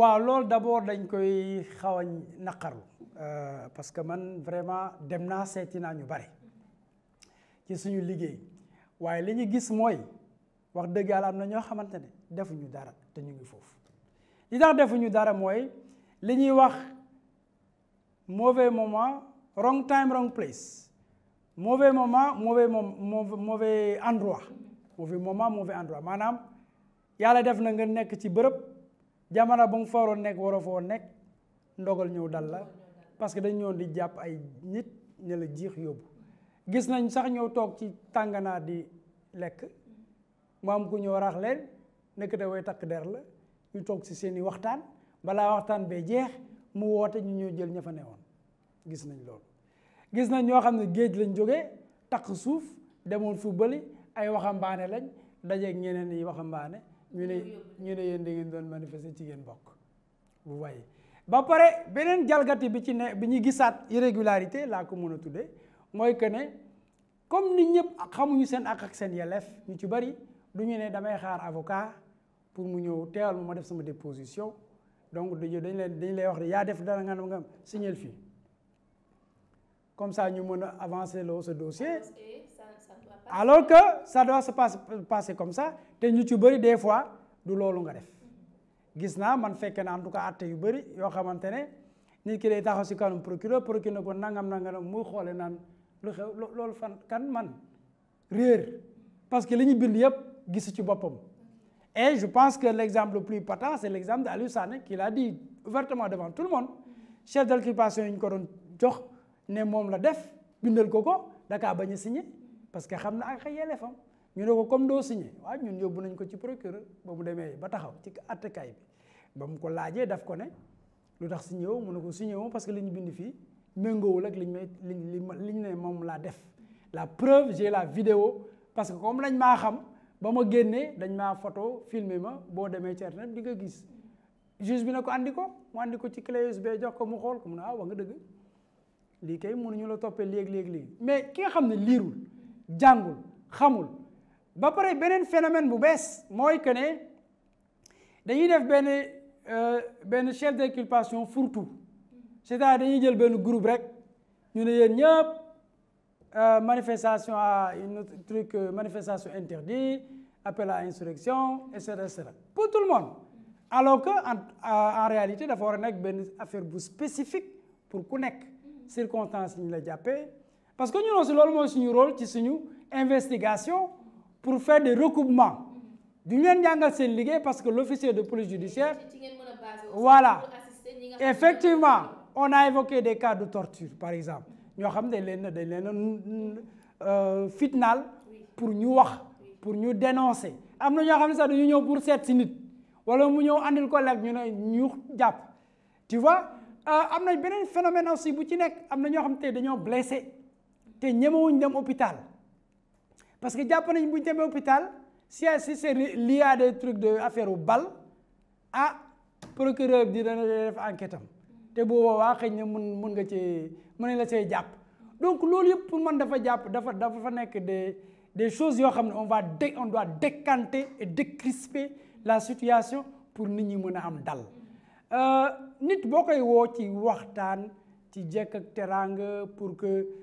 waaw loolu d'abord dañ koy xaw a naqarlu euh, parce que man vraiment dem naa seeti naa ñu bari ci suñu liggéey waaye li ñu gis mooy wax dëgg yàlla am na ñoo xamante ne defuñu dara te ñu ngi foofu li tax defuñu dara mooy li ñuy wax mauvais moment wrong time wrong place mauvais moment mauvais mom mauvais endroit moment mauvais endroit maanaam yàlla def na nga nekk ci bërëb. jamono ba mu fa nekk waroo foo nekk ndogal ñëw dal la parce que dañ di jàpp ay nit ne la jiix yóbbu gis nañ sax ñëw toog ci tànganaar di lekk mu am ku ñëw raax leen nekk takk der la ñu toog ci seeni waxtaan balaa waxtaan bee jeex mu woote ñu ñëw jël ña fa newoon gis nañ loolu gis nañ ñoo xam ne géej lañ jógee takk suuf demoon fu bëli ay waxambaane lañ dajeeg ñeneen yi waxambaane ñu ne ñu ne yéen da ngeen doon manifester ci ngeen bokk bu waaye ba pare beneen jalgati bi ci ne bi ñuy gisaat irrégularité laa ko mën a tuddee mooy que ne comme nit ñëpp xamuñu seen ak ak seen yelleef ñu ci bari du ñu ne damay xaar avocat pour mu ñëw teewal ma def sama déposition donc du dañu dañ leen dañ lay wax ne yaa def dara nga nga signal fii comme ça ñu mën a avancer loo sa dossier alors que ça doit se passer, passer comme ça te ñu ci bëri des fois du loolu nga def gis na man fekk na en tout cas atté yu bari yo xamantene ne nit ki lay taxaw ci kanum procureur procureur ko nangam nangam muy xolé nan lu xew loolu fan kan man rier parce que liñu bind yépp gis ci bopam et je pense que l'exemple le plus patent c'est l'exemple d'Aliou Sané qui l'a dit ouvertement devant tout le monde chef d'inculpation ñu ko don jox né mom la def bindal koko, dakar da kaa bañ signer parce que xamna ak ak fam ñu ne ko comme do signé wa ñun yóbbu nañ ko ci procureur ba mu démé ba taxaw ci attekaay bi ba mu ko laajee daf ko né lutax tax signé woo mu ne ko signé woo parce que li ñu fi fii méngoowul ak liñ liñ liñ né mom la def la preuve j'ai la vidéo parce que comme lañ ma xam ba ma génnee dañ ma photo filmé ma bo démé ci internet di nga gis juge bi ne ko andi ko mu ci clé USB jox ko mu xol ko mu ne ah nga deug li kay mënu ñu la toppee léeg-léeg li mais ki nga xam ne jangul xamul ba pare un phénomène bu est très que Il dañuy def un euh, ben chef d'inculpation fourre-tout c'est-à-dire dañuy jël ben groupe rek ñu né yéen ñëpp euh, manifestation à une truc euh, manifestation interdite appel à insurrection etc cetera pour tout le monde alors que en en réalité dafa y a une affaire spécifique pour connaître les circonstance ñu la parce que nous aussi un rôle qui rôle ci suñu investigation pour faire des recoupements du avons leen rôle parce que l'officier de police judiciaire voilà effectivement on a évoqué des cas de torture par exemple Nous avons des leen dañ leen euh, fitnales pour nous pour dénoncer Nous avons des des pour nous minute. nit wala mu tu vois y a un phénomène aussi bu ci des te ñemewuñ dem hôpital parce que japp nañ buñ demee hôpital si si c'est lié à des trucs de affaire wu bal ah procureur bi dana def enquête am te bu boobaa xëy na mun mun nga ci mën la see japp donc lool yëpp pour man dafa japp dafa dafa nek des des choses yo xam on va dé on doit décanter et décrisper la situation pour nit ñi mëna am dal euh, nit bokay wo ci waxtaan ci jekk ak teraanga pour que.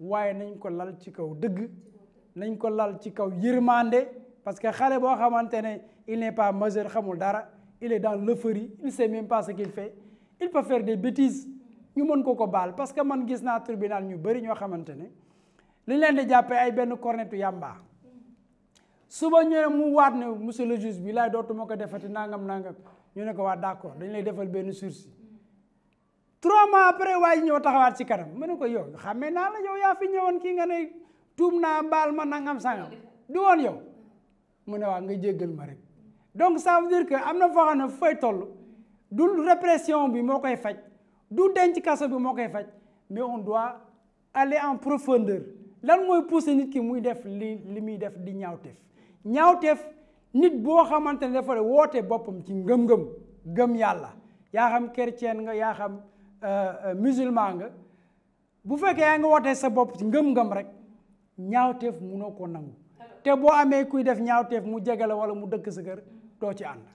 waye nañ ko lal ci kaw deug nañ ko lal ci kaw yirmandé parce que xalé bo xamante il n'est pas majeur xamul dara il est dans l'euphorie il sait même pas ce qu'il fait il peut faire des bêtises ñu mën ko ko bal parce que man gis na tribunal ñu bari ño xamante liñ leen di jappé ay ben cornetu yamba suba ñu mu waat ne monsieur le juge bi lay dootuma ko defati nangam nangam ñu ne ko wa d'accord dañ lay defal ben sursis trois mois après way ñew taxawat ci kanam mané ko yow xamé na la yow ya fi ñewon ki nga né tuum naa baal ma nangam sangam du won yow mané wa nga ma rek donc ça veut dire que amna na xana fay toll du répression bi mo koy fajj du denc kaso bi mo koy fajj mais on doit aller en profondeur lan moy pousser nit ki muy def li limi def di ñaawteef ñaawteef nit bo xamantene dafa wote bopam ci ngëm-ngëm gëm yalla ya xam chrétien nga ya xam Euh, euh, musulman nga bu fekkee yaa ngi wootee sa bopp ngëm-ngëm rek ñaawteef munoo ko nangu te boo amee kuy def ñaawteef mu jege la wala mu dëkk sa kër doo ci ànd